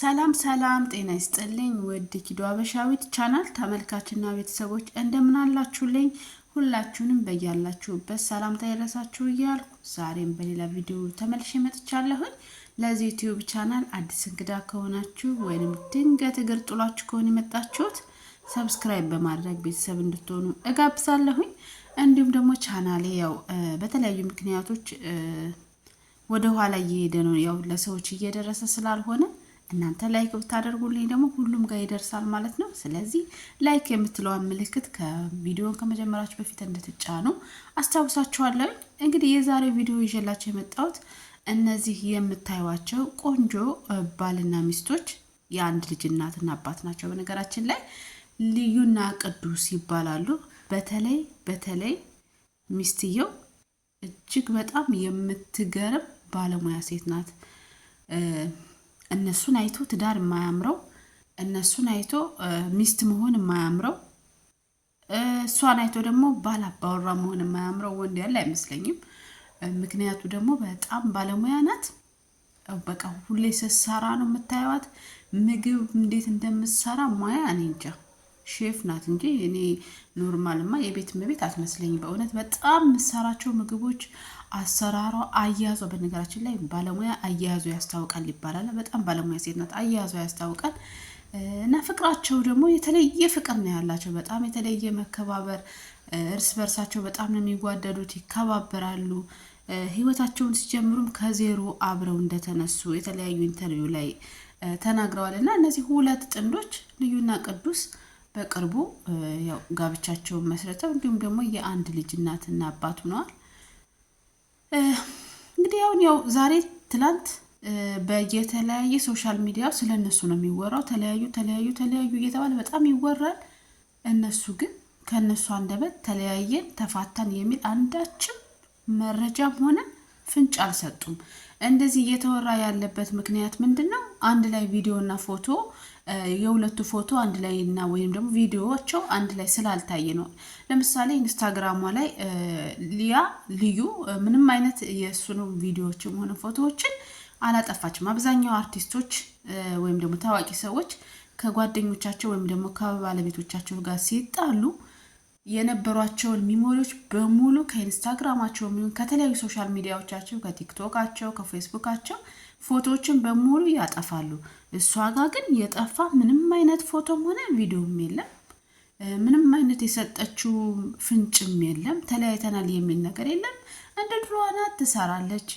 ሰላም ሰላም፣ ጤና ይስጥልኝ ውድ ኪዶ አበሻዊት ቻናል ተመልካችና ቤተሰቦች እንደምን አላችሁልኝ? ሁላችሁንም በያላችሁበት ሰላምታ ይድረሳችሁ እያልኩ ዛሬም በሌላ ቪዲዮ ተመልሼ መጥቻለሁኝ። ለዚህ ዩቲዩብ ቻናል አዲስ እንግዳ ከሆናችሁ ወይንም ድንገት እግር ጥሏችሁ ከሆነ የመጣችሁት ሰብስክራይብ በማድረግ ቤተሰብ እንድትሆኑ እጋብዛለሁኝ። እንዲሁም ደግሞ ቻናሌ ያው በተለያዩ ምክንያቶች ወደኋላ እየሄደ ነው፣ ያው ለሰዎች እየደረሰ ስላልሆነ እናንተ ላይክ ብታደርጉልኝ ደግሞ ሁሉም ጋር ይደርሳል ማለት ነው። ስለዚህ ላይክ የምትለዋን ምልክት ከቪዲዮን ከመጀመራችሁ በፊት እንድትጫኑ አስታውሳችኋለሁ። እንግዲህ የዛሬው ቪዲዮ ይዤላቸው የመጣሁት እነዚህ የምታዩቸው ቆንጆ ባልና ሚስቶች የአንድ ልጅ እናትና አባት ናቸው። በነገራችን ላይ ልዩና ቅዱስ ይባላሉ። በተለይ በተለይ ሚስትየው እጅግ በጣም የምትገርም ባለሙያ ሴት ናት። እነሱን አይቶ ትዳር የማያምረው እነሱን አይቶ ሚስት መሆን የማያምረው እሷን አይቶ ደግሞ ባል አባወራ መሆን የማያምረው ወንድ ያለ አይመስለኝም። ምክንያቱ ደግሞ በጣም ባለሙያ ናት። በቃ ሁሌ ስትሰራ ነው የምታየዋት። ምግብ እንዴት እንደምትሰራ ሙያ እኔ እንጃ። ሼፍ ናት እንጂ እኔ ኖርማልማ የቤት እመቤት አትመስለኝም። በእውነት በጣም የምትሰራቸው ምግቦች አሰራሯ አያያዟ፣ በነገራችን ላይ ባለሙያ አያያዟ ያስታውቃል ይባላል። በጣም ባለሙያ ሴት ናት፣ አያያዟ ያስታውቃል። እና ፍቅራቸው ደግሞ የተለየ ፍቅር ነው ያላቸው። በጣም የተለየ መከባበር፣ እርስ በርሳቸው በጣም ነው የሚጓደዱት፣ ይከባበራሉ። ህይወታቸውን ሲጀምሩም ከዜሮ አብረው እንደተነሱ የተለያዩ ኢንተርቪው ላይ ተናግረዋል። እና እነዚህ ሁለት ጥንዶች ልዩና ቅዱስ በቅርቡ ያው ጋብቻቸውን መስረተው እንዲሁም ደግሞ የአንድ ልጅ እናትና አባት ሆነዋል። እንግዲህ አሁን ያው ዛሬ ትላንት በየተለያየ ሶሻል ሚዲያ ስለ እነሱ ነው የሚወራው። ተለያዩ ተለያዩ ተለያዩ እየተባለ በጣም ይወራል። እነሱ ግን ከእነሱ አንደበት ተለያየን፣ ተፋታን የሚል አንዳችም መረጃም ሆነ ፍንጭ አልሰጡም። እንደዚህ እየተወራ ያለበት ምክንያት ምንድን ነው? አንድ ላይ ቪዲዮና ፎቶ የሁለቱ ፎቶ አንድ ላይ እና ወይም ደግሞ ቪዲዮዎቸው አንድ ላይ ስላልታየ ነው። ለምሳሌ ኢንስታግራሟ ላይ ሊያ ልዩ ምንም አይነት የእሱን ቪዲዮዎችም ሆነ ፎቶዎችን አላጠፋችም። አብዛኛው አርቲስቶች ወይም ደግሞ ታዋቂ ሰዎች ከጓደኞቻቸው ወይም ደግሞ ከባለቤቶቻቸው ጋር ሲጣሉ የነበሯቸውን ሚሞሪዎች በሙሉ ከኢንስታግራማቸው የሚሆን ከተለያዩ ሶሻል ሚዲያዎቻቸው ከቲክቶካቸው፣ ከፌስቡካቸው ፎቶዎችን በሙሉ ያጠፋሉ። እሷ ጋ ግን የጠፋ ምንም አይነት ፎቶም ሆነ ቪዲዮም የለም። ምንም አይነት የሰጠችው ፍንጭም የለም። ተለያይተናል የሚል ነገር የለም። እንደ ድሮዋና ትሰራለች።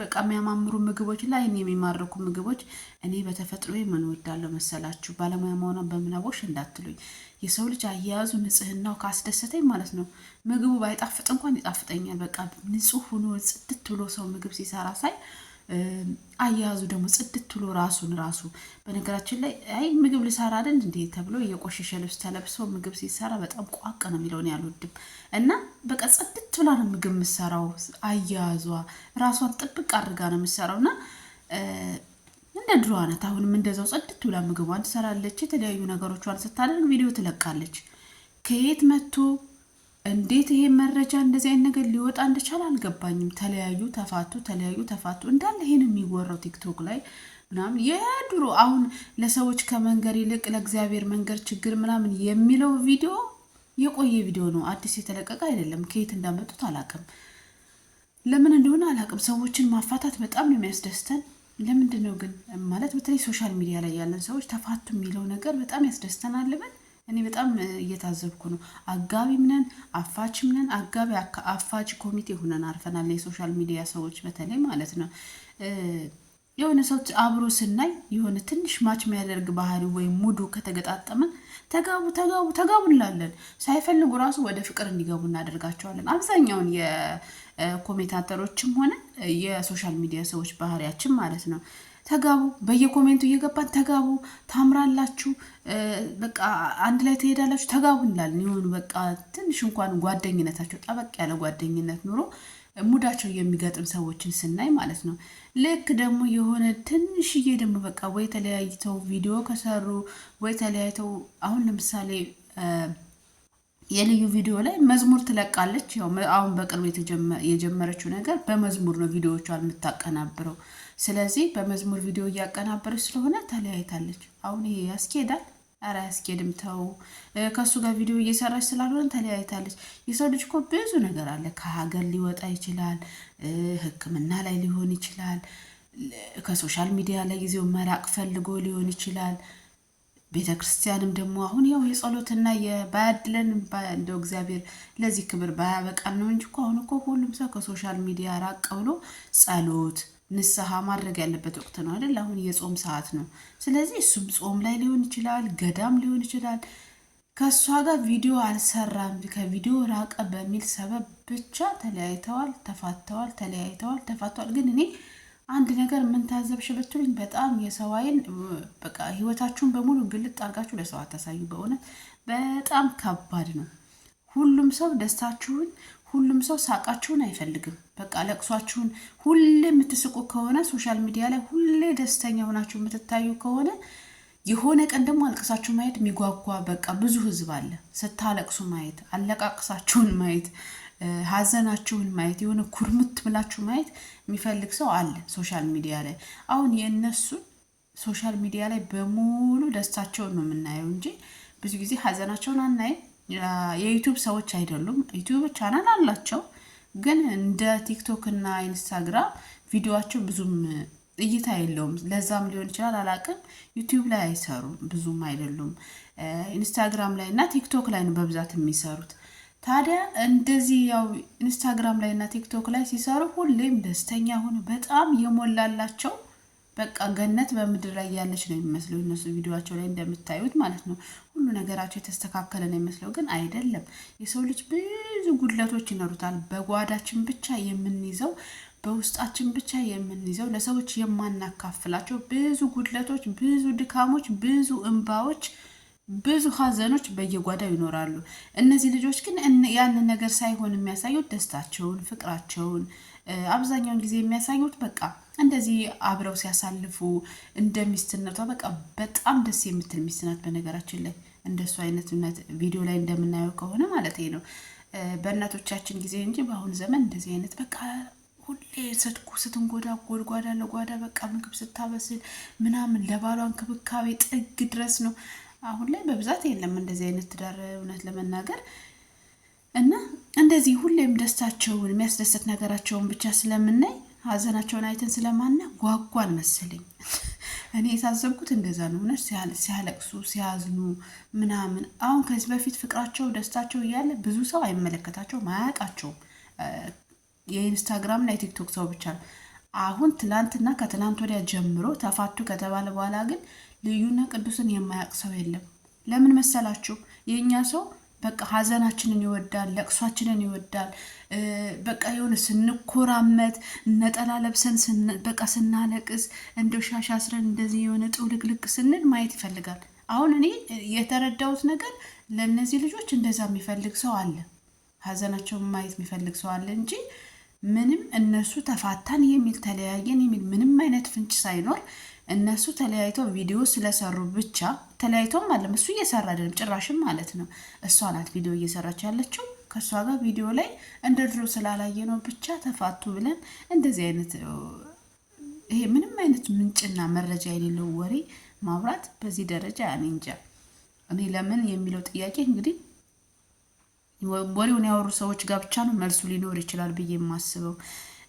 በቃ የሚያማምሩ ምግቦች ላይ የሚማርኩ ምግቦች እኔ በተፈጥሮ ምን ወዳለው መሰላችሁ? ባለሙያ መሆኗ በምናቦሽ እንዳትሉኝ። የሰው ልጅ አያያዙ ንጽህናው ካስደሰተኝ ማለት ነው ምግቡ ባይጣፍጥ እንኳን ይጣፍጠኛል። በቃ ንጹህ ሆኖ ጽድት ብሎ ሰው ምግብ ሲሰራ ሳይ አያያዙ ደግሞ ጽድት ብሎ ራሱን ራሱ በነገራችን ላይ አይ ምግብ ልሰራ አይደል እንዴ ተብሎ የቆሸሸ ልብስ ተለብሶ ምግብ ሲሰራ በጣም ቋቅ ነው የሚለውን ያልወድም እና በቃ ጽድት ብላ ነው ምግብ የምሰራው። አያያዟ ራሷን ጥብቅ አድርጋ ነው የምሰራው እና እንደ ድሮ ናት። አሁንም እንደዛው ጽድት ብላ ምግቧን ትሰራለች። የተለያዩ ነገሮቿን ስታደርግ ቪዲዮ ትለቃለች። ከየት መጥቶ እንዴት ይሄ መረጃ እንደዚህ አይነት ነገር ሊወጣ እንደቻል አልገባኝም። ተለያዩ ተፋቱ፣ ተለያዩ ተፋቱ እንዳለ ይሄን የሚወራው ቲክቶክ ላይ ምናምን የድሮ አሁን ለሰዎች ከመንገር ይልቅ ለእግዚአብሔር መንገር ችግር ምናምን የሚለው ቪዲዮ የቆየ ቪዲዮ ነው፣ አዲስ የተለቀቀ አይደለም። ከየት እንዳመጡት አላቅም፣ ለምን እንደሆነ አላቅም። ሰዎችን ማፋታት በጣም ነው የሚያስደስተን። ለምንድን ነው ግን ማለት በተለይ ሶሻል ሚዲያ ላይ ያለን ሰዎች ተፋቱ የሚለው ነገር በጣም ያስደስተናል ብን እኔ በጣም እየታዘብኩ ነው። አጋቢ ምነን አፋች ምነን አጋቢ አፋች ኮሚቴ ሆነን አርፈናል። የሶሻል ሚዲያ ሰዎች በተለይ ማለት ነው የሆነ ሰው አብሮ ስናይ የሆነ ትንሽ ማች የሚያደርግ ባህሪ ወይም ሙዱ ከተገጣጠመን ተጋቡ ተጋቡ ተጋቡ እንላለን። ሳይፈልጉ ራሱ ወደ ፍቅር እንዲገቡ እናደርጋቸዋለን። አብዛኛውን የኮሜንታተሮችም ሆነ የሶሻል ሚዲያ ሰዎች ባህሪያችን ማለት ነው። ተጋቡ፣ በየኮሜንቱ እየገባን ተጋቡ፣ ታምራላችሁ፣ በቃ አንድ ላይ ትሄዳላችሁ፣ ተጋቡ እንላለን። የሆኑ በቃ ትንሽ እንኳን ጓደኝነታቸው ጠበቅ ያለ ጓደኝነት ኑሮ ሙዳቸው የሚገጥም ሰዎችን ስናይ ማለት ነው። ልክ ደግሞ የሆነ ትንሽዬ ደግሞ በቃ ወይ ተለያይተው ቪዲዮ ከሰሩ ወይ ተለያይተው አሁን ለምሳሌ የልዩ ቪዲዮ ላይ መዝሙር ትለቃለች። አሁን በቅርብ የጀመረችው ነገር በመዝሙር ነው ቪዲዮዎቿን የምታቀናብረው ስለዚህ በመዝሙር ቪዲዮ እያቀናበረች ስለሆነ ተለያይታለች። አሁን ይሄ ያስኬዳል? ኧረ ያስኬድም። ተው ከእሱ ጋር ቪዲዮ እየሰራች ስላልሆነ ተለያይታለች። የሰው ልጅ እኮ ብዙ ነገር አለ። ከሀገር ሊወጣ ይችላል፣ ሕክምና ላይ ሊሆን ይችላል፣ ከሶሻል ሚዲያ ላይ ጊዜው መራቅ ፈልጎ ሊሆን ይችላል። ቤተ ክርስቲያንም ደግሞ አሁን ያው የጸሎትና የባያድለን እንደው እግዚአብሔር ለዚህ ክብር ባያበቃን ነው እንጂ እኮ አሁን እኮ ሁሉም ሰው ከሶሻል ሚዲያ ራቅ ብሎ ጸሎት ንስሐ ማድረግ ያለበት ወቅት ነው አይደል? አሁን የጾም ሰዓት ነው። ስለዚህ እሱም ጾም ላይ ሊሆን ይችላል፣ ገዳም ሊሆን ይችላል። ከእሷ ጋር ቪዲዮ አልሰራም ከቪዲዮ ራቀ በሚል ሰበብ ብቻ ተለያይተዋል፣ ተፋተዋል፣ ተለያይተዋል፣ ተፋተዋል። ግን እኔ አንድ ነገር ምን ታዘብሽ ብትሉኝ በጣም የሰው በቃ ህይወታችሁን በሙሉ ግልጥ አድርጋችሁ ለሰው አታሳዩ። በእውነት በጣም ከባድ ነው። ሁሉም ሰው ደስታችሁን ሁሉም ሰው ሳቃችሁን አይፈልግም። በቃ ለቅሷችሁን ሁሌ የምትስቁ ከሆነ ሶሻል ሚዲያ ላይ ሁሌ ደስተኛ ሆናችሁ የምትታዩ ከሆነ የሆነ ቀን ደግሞ አልቅሳችሁ ማየት የሚጓጓ በቃ ብዙ ህዝብ አለ። ስታለቅሱ ማየት፣ አለቃቅሳችሁን ማየት፣ ሀዘናችሁን ማየት፣ የሆነ ኩርምት ብላችሁ ማየት የሚፈልግ ሰው አለ ሶሻል ሚዲያ ላይ። አሁን የእነሱን ሶሻል ሚዲያ ላይ በሙሉ ደስታቸውን ነው የምናየው እንጂ ብዙ ጊዜ ሀዘናቸውን አናይም። የዩቱብ ሰዎች አይደሉም። ዩቱብ ቻናል አላቸው፣ ግን እንደ ቲክቶክ እና ኢንስታግራም ቪዲዮቸው ብዙም እይታ የለውም። ለዛም ሊሆን ይችላል አላቅም። ዩቲዩብ ላይ አይሰሩም ብዙም አይደሉም። ኢንስታግራም ላይ እና ቲክቶክ ላይ ነው በብዛት የሚሰሩት። ታዲያ እንደዚህ ያው ኢንስታግራም ላይ እና ቲክቶክ ላይ ሲሰሩ ሁሌም ደስተኛ ሆነ በጣም የሞላላቸው በቃ ገነት በምድር ላይ ያለች ነው የሚመስለው እነሱ ቪዲዮቸው ላይ እንደምታዩት ማለት ነው። ሁሉ ነገራቸው የተስተካከለ ነው የሚመስለው፣ ግን አይደለም። የሰው ልጅ ብዙ ጉድለቶች ይኖሩታል። በጓዳችን ብቻ የምንይዘው በውስጣችን ብቻ የምንይዘው ለሰዎች የማናካፍላቸው ብዙ ጉድለቶች፣ ብዙ ድካሞች፣ ብዙ እንባዎች ብዙ ሀዘኖች በየጓዳው ይኖራሉ። እነዚህ ልጆች ግን ያንን ነገር ሳይሆን የሚያሳዩት ደስታቸውን፣ ፍቅራቸውን አብዛኛውን ጊዜ የሚያሳዩት በቃ እንደዚህ አብረው ሲያሳልፉ እንደ ሚስትነቷ በቃ በጣም ደስ የምትል ሚስት ናት። በነገራችን ላይ እንደሱ አይነት ቪዲዮ ላይ እንደምናየው ከሆነ ማለት ነው በእናቶቻችን ጊዜ እንጂ በአሁኑ ዘመን እንደዚህ አይነት በቃ ሁሌ ሰድኩ ስትንጎዳ ጎድ ለጓዳ በቃ ምግብ ስታበስል ምናምን ለባሏ እንክብካቤ ጥግ ድረስ ነው። አሁን ላይ በብዛት የለም እንደዚህ አይነት ትዳር እውነት ለመናገር እና እንደዚህ ሁሌም ደስታቸውን የሚያስደስት ነገራቸውን ብቻ ስለምናይ ሀዘናቸውን አይተን ስለማና ጓጓን መሰለኝ። እኔ የታዘብኩት እንደዛ ነው። እውነት ሲያለቅሱ ሲያዝኑ ምናምን አሁን ከዚህ በፊት ፍቅራቸው ደስታቸው እያለ ብዙ ሰው አይመለከታቸውም አያውቃቸውም። የኢንስታግራምና የቲክቶክ ሰው ብቻ ነው። አሁን ትናንትና ከትናንት ወዲያ ጀምሮ ተፋቱ ከተባለ በኋላ ግን ልዩና ቅዱስን የማያውቅ ሰው የለም። ለምን መሰላችሁ? የእኛ ሰው በቃ ሀዘናችንን ይወዳል፣ ለቅሷችንን ይወዳል። በቃ የሆነ ስንኮራመት ነጠላ ለብሰን በቃ ስናለቅስ እንደ ሻሽ አስረን እንደዚህ የሆነ ጥውልቅልቅ ስንል ማየት ይፈልጋል። አሁን እኔ የተረዳሁት ነገር ለእነዚህ ልጆች እንደዛ የሚፈልግ ሰው አለ፣ ሀዘናቸውን ማየት የሚፈልግ ሰው አለ እንጂ ምንም እነሱ ተፋታን የሚል ተለያየን የሚል ምንም አይነት ፍንጭ ሳይኖር እነሱ ተለያይተው ቪዲዮ ስለሰሩ ብቻ ተለያይቶም አለም እሱ እየሰራ አይደለም ጭራሽም ማለት ነው። እሷ ናት ቪዲዮ እየሰራች ያለችው ከእሷ ጋር ቪዲዮ ላይ እንደ ድሮ ስላላየ ነው ብቻ ተፋቱ ብለን እንደዚህ አይነት ይሄ ምንም አይነት ምንጭና መረጃ የሌለው ወሬ ማብራት በዚህ ደረጃ እኔ እንጃ። እኔ ለምን የሚለው ጥያቄ እንግዲህ ወሬውን ያወሩ ሰዎች ጋር ብቻ ነው መልሱ ሊኖር ይችላል ብዬ የማስበው።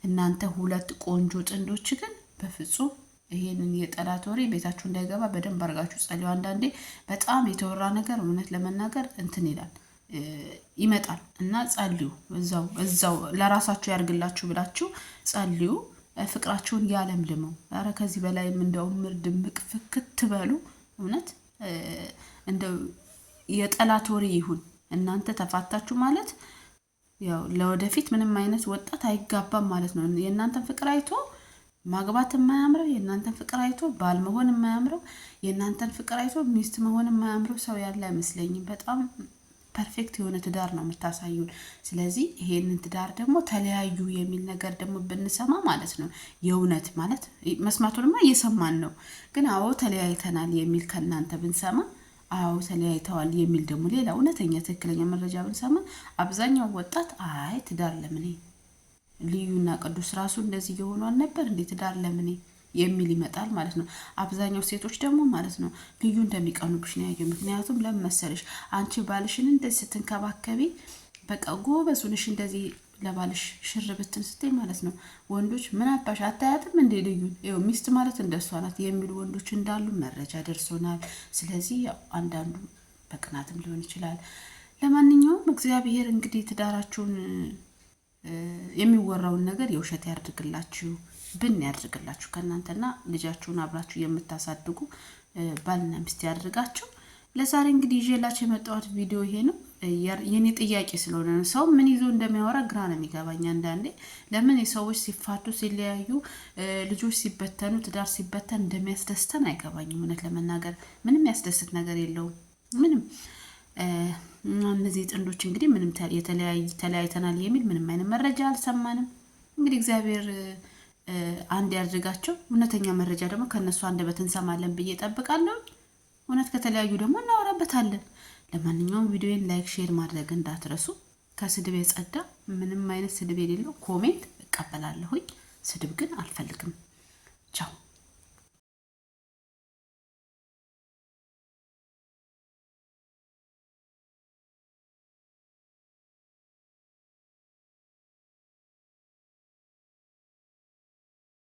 እናንተ ሁለት ቆንጆ ጥንዶች ግን በፍጹም ይሄንን የጠላት ወሬ ቤታችሁ እንዳይገባ በደንብ አድርጋችሁ ጸልዩ። አንዳንዴ በጣም የተወራ ነገር እውነት ለመናገር እንትን ይላል ይመጣል እና ጸልዩ። እዛው እዛው ለራሳችሁ ያርግላችሁ ብላችሁ ጸልዩ። ፍቅራችሁን ያለምልመው። ኧረ ከዚህ በላይም እንደው ምር ድምቅ ፍክት በሉ። እውነት እንደው የጠላት ወሬ ይሁን እናንተ ተፋታችሁ ማለት ያው ለወደፊት ምንም አይነት ወጣት አይጋባም ማለት ነው። የእናንተን ፍቅር አይቶ ማግባት የማያምረው የእናንተን ፍቅር አይቶ ባል መሆን የማያምረው የእናንተን ፍቅር አይቶ ሚስት መሆን የማያምረው ሰው ያለ አይመስለኝም። በጣም ፐርፌክት የሆነ ትዳር ነው የምታሳዩን። ስለዚህ ይሄንን ትዳር ደግሞ ተለያዩ የሚል ነገር ደግሞ ብንሰማ ማለት ነው የእውነት ማለት መስማቱንማ እየሰማን ነው፣ ግን አዎ ተለያይተናል የሚል ከእናንተ ብንሰማ አዎ ተለያይተዋል የሚል ደግሞ ሌላ እውነተኛ ትክክለኛ መረጃ ብንሰማ አብዛኛው ወጣት አይ ትዳር ለምን ልዩና ቅዱስ ራሱ እንደዚህ እየሆኑ አልነበር እንዴ? ትዳር ለምኔ የሚል ይመጣል ማለት ነው። አብዛኛው ሴቶች ደግሞ ማለት ነው ልዩ እንደሚቀኑብሽ ነው ያየው። ምክንያቱም ለምን መሰለሽ አንቺ ባልሽን እንደዚህ ስትንከባከቢ በቃ ጎበዙንሽ እንደዚህ ለባልሽ ሽር ብትን ስትይ ማለት ነው ወንዶች ምን አባሽ አታያትም እንዴ ልዩ ው ሚስት ማለት እንደሷ ናት የሚሉ ወንዶች እንዳሉ መረጃ ደርሶናል። ስለዚህ አንዳንዱ በቅናትም ሊሆን ይችላል። ለማንኛውም እግዚአብሔር እንግዲህ ትዳራችሁን የሚወራውን ነገር የውሸት ያድርግላችሁ ብን ያድርግላችሁ። ከእናንተና ልጃችሁን አብራችሁ የምታሳድጉ ባልና ሚስት ያድርጋችሁ። ለዛሬ እንግዲህ ይዤላችሁ የመጣሁት ቪዲዮ ይሄ ነው። የኔ ጥያቄ ስለሆነ ነው። ሰው ምን ይዞ እንደሚያወራ ግራ ነው የሚገባኝ አንዳንዴ። ለምን የሰዎች ሲፋቱ፣ ሲለያዩ፣ ልጆች ሲበተኑ፣ ትዳር ሲበተን እንደሚያስደስተን አይገባኝም። እውነት ለመናገር ምንም ያስደስት ነገር የለውም ምንም እነዚህ ጥንዶች እንግዲህ ምንም ተለያይተናል የሚል ምንም አይነት መረጃ አልሰማንም። እንግዲህ እግዚአብሔር አንድ ያድርጋቸው። እውነተኛ መረጃ ደግሞ ከእነሱ አንደበት እንሰማለን ብዬ ጠብቃለሁ። እውነት ከተለያዩ ደግሞ እናወራበታለን። ለማንኛውም ቪዲዮን ላይክ፣ ሼር ማድረግ እንዳትረሱ። ከስድብ የጸዳ ምንም አይነት ስድብ የሌለው ኮሜንት እቀበላለሁኝ። ስድብ ግን አልፈልግም። ቻው